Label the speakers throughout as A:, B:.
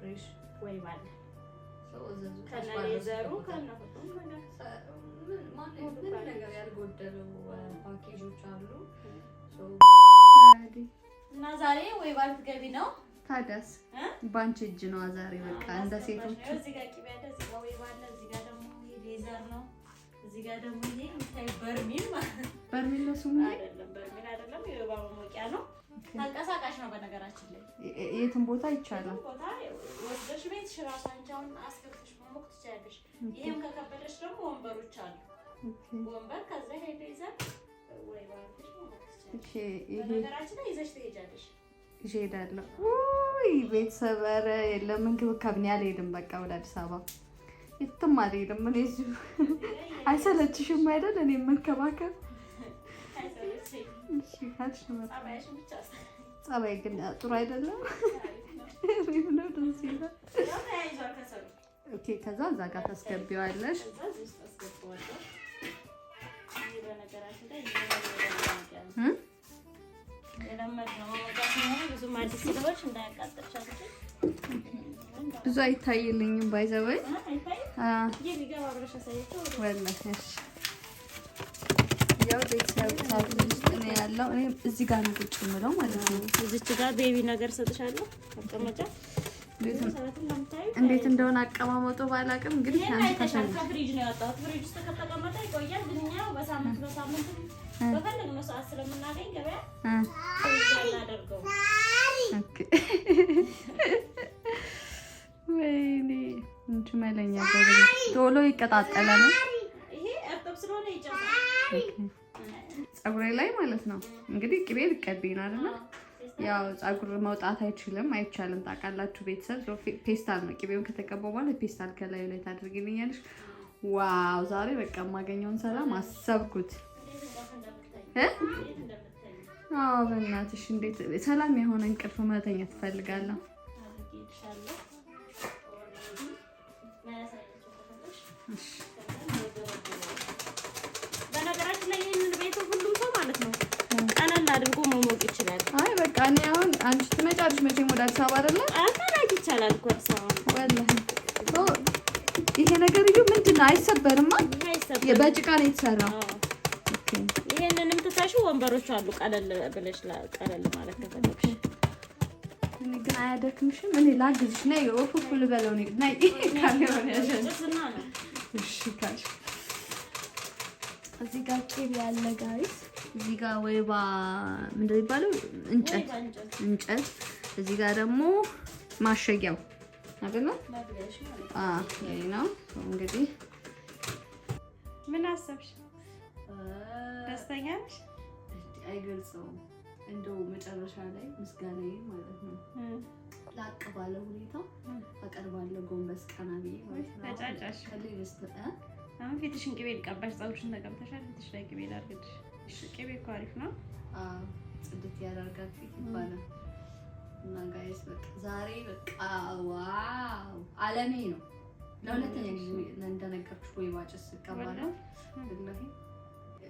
A: ፍሬሽ
B: ወይ ባለ ከነሌዘሩ
A: ነገር ያልጎደለው ፓኬጆች አሉ
B: እና ዛሬ ወይ ባል ነው።
A: ታዲያስ ባንች እጅ ነዋ ዛሬ በቃ እንደ ሴቶቹ
B: እዚህ ጋር ቅቤ አለ፣ እዚህ ጋር ወይ ባለ፣ እዚህ ጋር ደግሞ ሌዘር ነው። እዚህ ጋር ደግሞ ይሄ የሚታይ በርሚል ማለት ነው።
A: በርሚል ነው ስሙ
B: አይደለም፣ በርሚል አይደለም፣ የወይባ መሞቂያ ነው። ተንቀሳቃሽ ነው። በነገራችን ላይ
A: የትም ቦታ ይቻላል።
B: ቦታ ወስደሽ ቤትሽ አስገብተሽ ትችያለሽ። ይሄም ከከበደሽ ደግሞ ወንበሮች አሉ። ወንበር ከዛ ሄደ ይዘን ወይ
A: ቤተሰብ ኧረ የለም እንክብካቤ እኔ አልሄድም። በቃ ወደ አዲስ አበባ የትም አልሄድም። እኔ እዚሁ አይሰለችሽም አይደል? እኔ የምንከባከብ ጸባይ ግን ጥሩ አይደለም። ኦኬ፣ ከዛ እዛ ጋር ታስገቢዋለሽ። ብዙ አይታይልኝም። ባይዘወይ ያው ቤተሰብ ውስጥ የምበላው እኔ እዚህ ጋር ነው ቁጭ የምለው ማለት ነው።
B: እዚች ጋር ቤቢ ነገር ሰጥሻለሁ
A: እንዴት እንደሆነ አቀማመጡ ባላቅም ግን
B: ከፍሪጅ ነው ያወጣሁት። ፍሪጅ ውስጥ ከተቀመጠ ይቆያል። ግን ያው በሳምንት በሳምንት በፈለግነው ሰዓት ስለምናገኝ ገበያ እናደርገው።
A: ወይኔ እንጂ መለኛ ቶሎ ይሄ
B: እርጥብ ስለሆነ ይጨምራል።
A: ፀጉሬ ላይ ማለት ነው። እንግዲህ ቅቤ ልቀብኝ ነው አይደለ? ያው ፀጉር መውጣት አይችልም አይቻልም፣ ታውቃላችሁ ቤተሰብ። ፔስታል ነው ቅቤውን ከተቀባው በኋላ ፔስታል ከላዩ ላይ ታደርግልኛለች። ዋው ዛሬ በቃ የማገኘውን ሰላም አሰብኩት። አዎ በእናትሽ እንዴት ሰላም የሆነ እንቅልፍ መተኛ ትፈልጋለሁ። እሺ አንቺ ትመጫለሽ መቼም ወደ አዲስ አበባ አይደለ?
B: አታላቂ ይቻላል እኮ አዲስ አበባ
A: ወላሂ። ይሄ ነገር እዩ ምንድን ነው አይሰበርማ? በጭቃ ነው የተሰራው።
B: ይሄንንም ትተሽ ወንበሮች አሉ ቀለል ብለሽ ቀለል ማለት ከፈለግሽ።
A: እኔ ግን አያደክምሽም? እኔ ላግዝሽ። ነይ ወፉፉ ልበለው ነው ነይ ካለ ሆነ እሺ ካልሽ
B: እዚህ ጋር ቂቤ ያለ ጋይስ
A: እዚህ ጋር ወይባ ምንድነው የሚባለው? እንጨት እንጨት። እዚህ ጋር ደግሞ ማሸጊያው አይደለ? አዎ ይሄ ነው እንግዲህ።
B: ምን አሰብሽ? ደስተኛ ነሽ?
A: አይገልጸውም። እንደው መጨረሻ ላይ ምስጋናዬ ማለት ነው ላቅ ባለ ሁኔታ አቀርባለሁ። ጎንበስ ቀና ብዬ
B: ተጫጫሽ። ፊትሽን ቅቤ ልቀባሽ፣ ፀጉርሽን ተቀብተሻል። ፊትሽ ላይ ቅቤ ላድርግልሽ ቅቤ እኮ አሪፍ ነው።
A: ጽድት ያደርጋል ፊት ይባላል። እና ጋይስ በቃ ዛሬ በቃ
B: ዋው አለሜ ነው። ለሁለተኛ ጊዜ እንደነገርኩሽ ወይባ ጭስ ስቀባ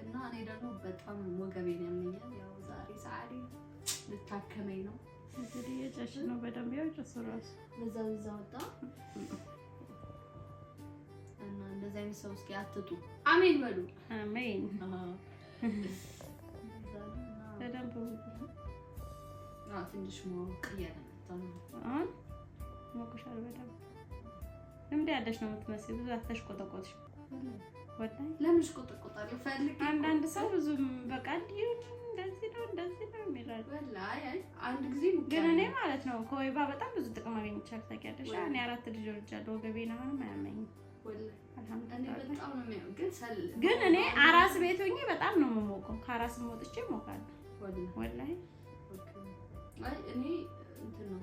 A: እና እኔ ደግሞ በጣም ወገቤን ያመኛል። ያው ዛሬ ሰዓት ልታከመኝ ነው።
B: እንግዲህ የጨሽ ነው በደንብ ያው ጭስ ራሱ
A: በዛ በዛ ወጣ እና እንደዚህ አይነት ሰው እስኪ አትጡ። አሜን በሉ
B: አሜን በደንብ
A: ትንሽ ሞቅ
B: አሁን ሞቅሻል። በደንብ ልምድ ያለሽ ነው የምትመስል። ብዙ አትሽቆጠቆጥሽ።
A: ለምን እሽቆጠቆጣለሁ? ፈልጌ
B: አንዳንድ ሰው ብዙም በቃ እንደዚህ ነው እንደዚህ ነው የሚላል። አንድ ጊዜ ግን እኔ ማለት ነው ከወይባ በጣም ብዙ ጥቅም አገኝቻለሁ። ታውቂያለሽ፣ እኔ አራት ልጆች አሉ። ወገቤን አሁንም አያመኝም ግን እኔ አራስ ቤት ሆኜ በጣም ነው የምሞቀው። ከአራስ ወጥቼ እሞቃለሁ። ወላሂ
A: እኔ እንትን ነው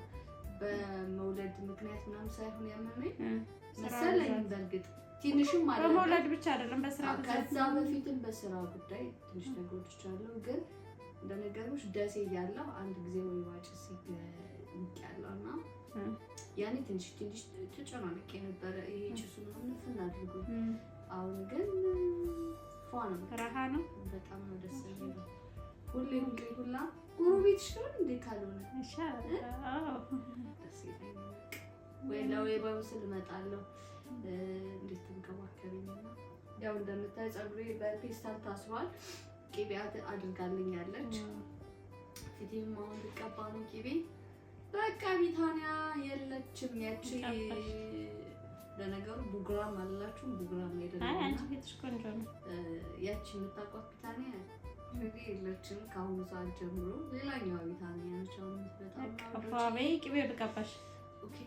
A: በመውለድ ምክንያት ምናምን ሳይሆን ያመመኝ መሰለኝ። በእርግጥ ትንሽም
B: በመውለድ ብቻ አይደለም፣ በስራ
A: ከዛ በፊትም በስራ ጉዳይ ትንሽ ነገሮች አሉ። ግን ደሴ እያለሁ አንድ ጊዜ ወይ ዋጭ ያኔ ትንሽ ትንሽ ተጨናነቅ የነበረ ይሄ ጭሱ ምናምን እንትን አሁን ግን ፏ ነው፣ ረሃ ነው። በጣም ነው ደስ የሚለው። ሁሌ ሁሌ ሁላ ጎረቤት ሽሆን እንዴ ካልሆነ ደስ ወይ ለወይ በምስል እመጣለሁ እንዴት ትንከባከብኝ። ያው እንደምታይ ፀጉሬ በፔስታል ታስሯል። ቅቤ አድርጋልኛለች። ፊቴም አሁን ልቀባ ነው ቅቤ በቃ ቢታንያ የለችም። ያቺ ለነገሩ ቡግራም አላችሁ ቡግራም አይደለም።
B: አንቺ ቤትሽ ቆንጆ ነው።
A: ያቺ የምታውቋት ቢታንያ የለችም ከአሁኑ ሰዓት ጀምሮ። ሌላኛዋ ቢታንያ ናቸው።
B: ቅቤ ልቀባሽ።
A: ኦኬ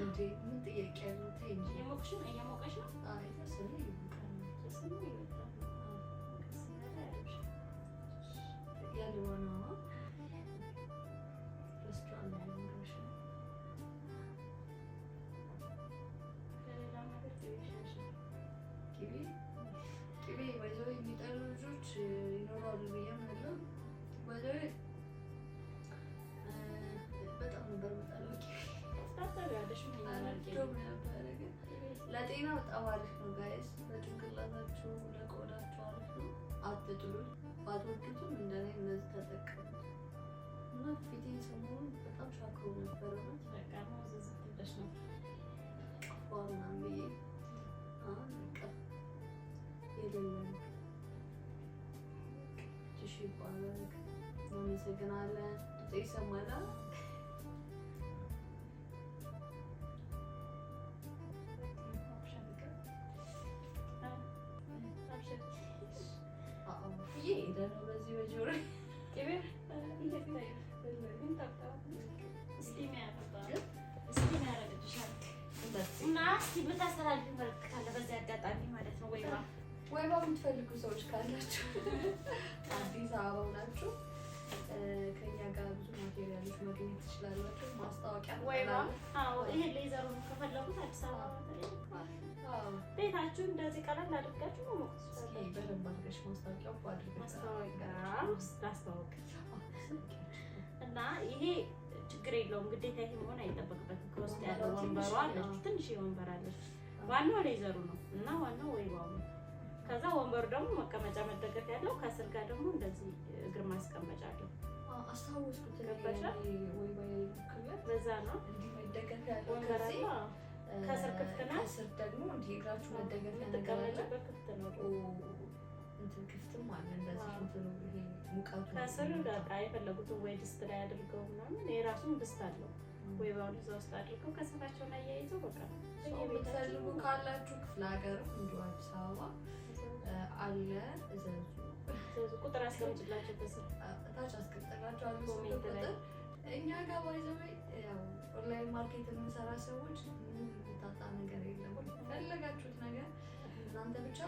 A: ምን ጥያቄ ነው ለጤና በጣም አሪፍ ነው ጋይስ። ለጭንቅላታችሁ ለቆዳችሁ አሪፍ ነው። አትጥሉት። ባትወዱትም እንደኔ እነዚህ ተጠቀሙ እና ፊቴ ሰሞኑን በጣም ሻክሮ ነበረ ነው አበባ ውላችሁ ከኛ ጋር ብዙ ማቴሪያሎች ማግኘት ትችላላችሁ። ማስታወቂያ
B: ይሄ ሌዘሩ ከፈለጉት አዲስ አበባ ቤታችሁ እንደዚህ ቀለል አድርጋችሁ
A: በደንብ አድርገሽ
B: ማስታወቂያ ላስታወቅ እና ይሄ ችግር የለውም ግዴታ ይሄ መሆን አይጠበቅበትም። ከውስጥ ያለው ወንበሯ አለች፣ ትንሽ ወንበር አለች። ዋናው ሌዘሩ ነው እና ዋናው ወይ ነው ከዛ ወንበሩ ደግሞ መቀመጫ መደገፍ ያለው ከስር ጋር ደግሞ እንደዚህ እግር ማስቀመጫ አለው። በዛ ነው ከስር ክፍት ነው።
A: ከስር ነው። ይሄ
B: በቃ የፈለጉትን ወይ ድስት ላይ አድርገው ምናምን የራሱን ድስት አለው ወይ ባሉ እዛ ውስጥ አድርገው ላይ ያይዘው በቃ
A: ካላችሁ ክፍለ ሀገርም
B: ቁጥር አስቀምጭላቸው
A: ታች አስቀምጠላቸዋለሁ። ስልክ ቁጥር እኛ ጋር ባይዘወይ ኦንላይን ማርኬት የምንሰራ ሰዎች ምንም ነገር የለም። ፈለጋችሁት ነገር እናንተ ብቻ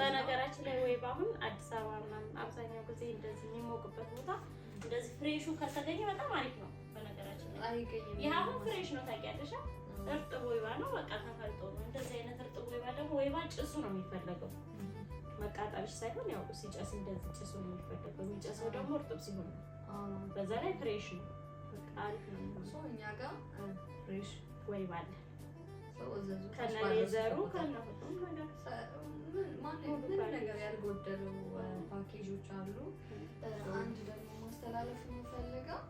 B: በነገራችን ላይ ወይ በአሁን አዲስ አበባ ምናምን አብዛኛው ጊዜ እንደዚህ የሚሞቅበት ቦታ እንደዚህ ፍሬሹ ከተገኘ በጣም አሪፍ ነው። በነገራችን ላይ አይገኝም። ይህ አሁን ፍሬሽ ነው ታውቂያለሽ። እርጥብ ወይባ ነው በቃ ተፈልጦ ነው። እንደዚህ አይነት እርጥብ ወይባ ደግሞ ወይባ ጭሱ ነው የሚፈለገው መቃጠልሽ ሳይሆን ያው ሲጨስ እንደዚህ ጭሱ ነው የሚፈለገው። የሚጨሰው ደግሞ እርጥብ ሲሆን ነው። በዛ ላይ ፍሬሽ ነው። እኛ ጋር ፍሬሽ ወይ ባለ ከነ ሌዘሩ ከነ ምን
A: ነገር ያልጎደሉ ፓኬጆች አሉ። አንድ ደግሞ ማስተላለፍ የምፈልገው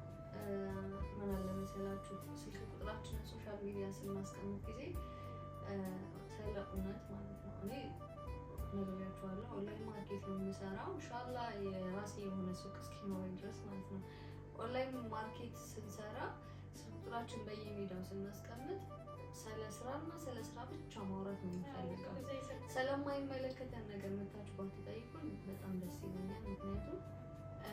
A: ምን አለ መሰላችሁ ስልክ ቁጥራችንን ሶሻል ሚዲያ ስናስቀምጥ ጊዜ ስለ እውነት ማለት ነው እኔ ነግሬያቸዋለሁ። ኦንላይን ማርኬት ነው የምሰራው። እንሻላ የራሴ የሆነ ሱቅ እስኪኖረኝ ድረስ ማለት ነው። ኦንላይን ማርኬት ስንሰራ ስልጥራችን በየሜዳው ስናስቀምጥ ስለ ስራ እና ስለ ስራ ብቻ ማውራት ነው የሚፈልገው። ስለማይመለከተን ነገር መታችሁ ባትጠይቁኝ በጣም ደስ ይለኛል። ምክንያቱም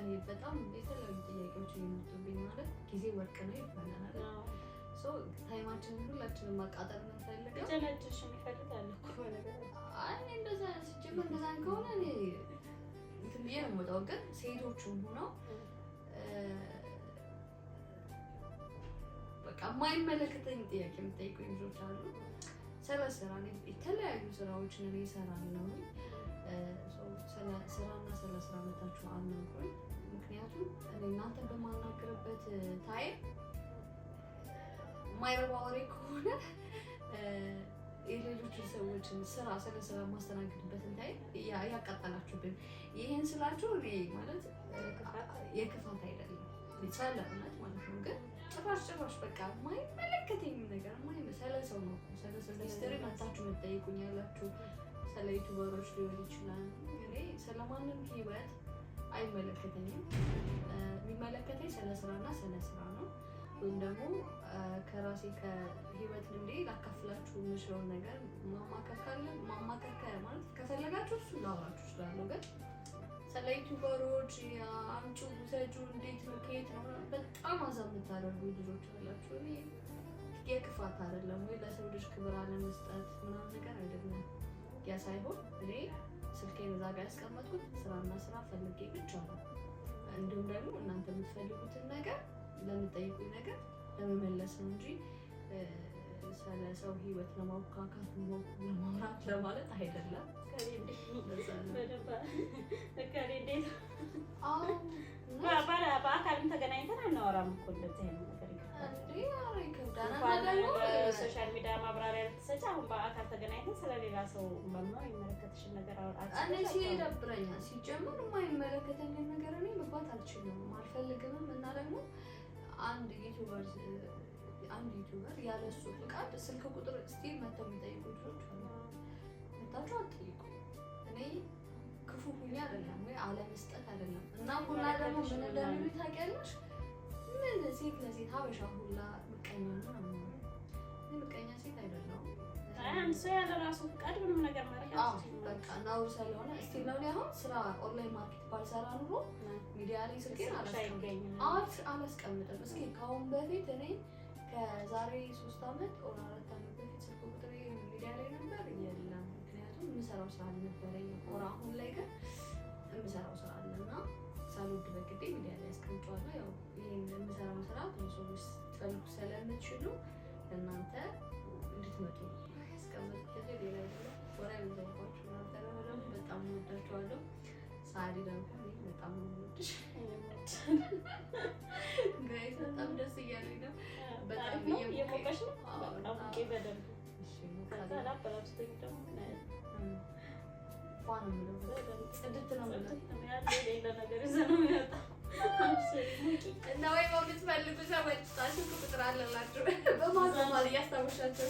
A: እኔ በጣም የተለያዩ ጥያቄዎች እየመጡብኝ ማለት ጊዜ ወርቅ ነው ይባላል ታይማችን ሁላችንም ማቃጠል የምንፈልገው
B: ጨነጭሽ የሚፈልግ አለ እኮ
A: እንደዛ ሲጀመር እንደዛ ከሆነ እኔ እንትን ብዬ ነው የምወጣው። ግን ሴቶቹም ሆነው በቃ የማይመለከተኝ ጥያቄ የምጠይቁኝ ልጆች አሉ። ስለ ስራ የተለያዩ ስራዎችን እኔ እሰራለሁ። ስለ ስራና ስለ ስራ መታችሁ አናግሩኝ። ምክንያቱም እኔ እናንተን በማናገርበት ታይም ማይረባ ወሬ ከሆነ የሌሎች ሰዎችን ስራ ስለ ስራ ማስተናገድበትን ታይ ያቃጠላችሁብን። ይህን ስላችሁ ማለት የክፋት አይደለም ጸለምነት ማለት ነው። ግን ጭራሽ ጭራሽ በቃ ማይመለከተኝ ነገር ስለ ሰው ነው ስለ ሰው ሚስትሪ መታችሁ ያላችሁ ስለ ዩቱበሮች ሊሆን ይችላል። እኔ ህይወት አይመለከተኝም። የሚመለከተኝ ስለ ስራና ስለ ስራ ወይም ደግሞ ከራሴ ከህይወት ልምዴ ላካፍላችሁ የምችለውን ነገር ማማከር ማማከር ማለት ከፈለጋችሁ እሱ ላወራችሁ እችላለሁ። ግን ስለ ዩቱበሮች አምጪ ውሰጁ፣ እንዴት ነው ከየት ነው በጣም አዛ የምታደርጉ ልጆች አላችሁ። የክፋት አይደለም ወይ ለሰው ልጅ ክብር አለመስጠት ምናምን ነገር አይደለም። ያ ሳይሆን እኔ ስልኬን እዛ ጋር ያስቀመጥኩት ስራና ስራ ፈልጌ ብቻ ነው። እንዲሁም ደግሞ እናንተ የምትፈልጉትን ነገር ለምጠይቁኝ ነገር ለመመለስ ነው እንጂ ስለ ሰው ህይወት ለማቡካካት ለማውራት ለማለት አይደለም።
B: በአካልም ተገናኝተን አናወራም እኮ እንደዚህ አይነት ነገር ሶሻል ሚዲያ ማብራሪያ ልትሰጪ አሁን በአካል ተገናኝተን ስለሌላ ሰው መማ አይመለከትሽን ነገር
A: ይደብረኛል። ሲጀምር የማይመለከተኝን ነገር እኔ መግባት አልችልም፣ አልፈልግምም እና ደግሞ አንድ ዩቲዩበር አንድ ዩቲዩበር ያለ ፍቃድ ስልክ ቁጥር እስቲ መተው የሚጠይቁ ልጆች መታችሁ አትጠይቁ። እኔ ክፉ ሁሌ አይደለም ወይ አለመስጠት አይደለም እና ሁላ ደግሞ ምን እንደሚሉ ታውቂያለሽ? ምን ሴት ለሴት ሀበሻ ሁላ ምቀኛ ነው ምቀኛ ሴት አይደለም
B: አንድ ሰው ያለ ራሱ ፈቃድ ምንም ነገር
A: ነው ስለሆነ እስቲ አሁን ስራ ኦንላይን ማርኬት ባልሰራ ኑሮ ሚዲያ ላይ ስልኬን አላስቀምጥም። እስኪ ከአሁን በፊት እኔ ከዛሬ ሶስት አመት ኦር አራት አመት በፊት ስልክ ቁጥሬ ሚዲያ ላይ ነበር የለም፣ ምክንያቱም የምሰራው ስራ አልነበረኝ። ኦር አሁን ላይ ግን የምሰራው ስራ አለ እና ሳልወድ በግዴ ሚዲያ ላይ አስቀምጬዋለሁ። ያው ይህን የምሰራው ስራ ብዙ ሰዎች ትፈልጉ ስለምትችሉ እናንተ እንድትመጡ ያስቀመጥኩት ሌላ ደግሞ ወራ የሚዘባችሁ እናንተ ለሆነ በጣም ወዳችኋለሁ። ሳሪ ደግሞ በጣም ወድሽ
B: ጋይስ፣ በጣም ደስ እያለኝ ነው። በጣም እየሞቀሽ ነው። ነው ነው እና ወይ በምትፈልጉ ሰዎች ቁጥር አለላችሁ በማዘማል እያስታወሻቸው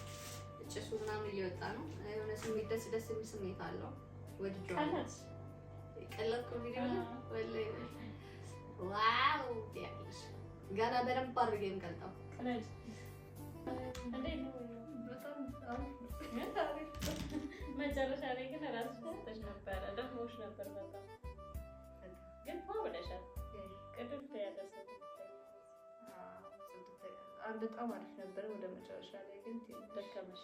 A: ጭሱ ምናምን እየወጣ ነው። የሆነ ስሜት ደስ ደስ የሚል ስሜት አለው። ወድጄዋለሁ። ቀለጥኩ ቪዲዮ ዋው ያለሽ ገና በደንብ አድርጌ የምቀልጠው
B: መጨረሻ ላይ ግን ራሱ ሰተሽ ነበረ ደሞሽ ነበር በጣም ግን ብለሻል። ቅድም ያደሰ
A: በጣም አሪፍ ነበረ። ወደ መጨረሻ ላይ ግን ደከመሽ።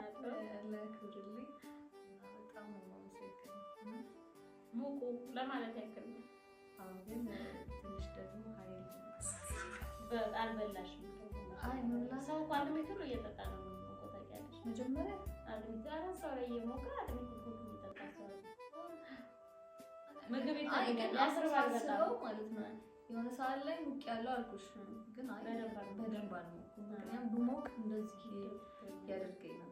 A: ለክብርልኝ በጣም
B: ሙቁ ለማለት ያክል ነው።
A: ግን ትንሽ ደግሞ ኃይል
B: አልበላሽም። ሰው እኮ ሁሉ እየጠጣ ነው። ታውቂያለሽ፣ መጀመሪያ አድሚት ሰው ላይ እየሞቀ ሁሉ እየጠጣ ሰው ምግብ
A: ማለት ነው። የሆነ ሰዓት ላይ ሙቅ ያለው አልኩሽ፣ ግን በደንብ ምክንያቱም ብሞቅ እንደዚህ ያደርገኝ ነው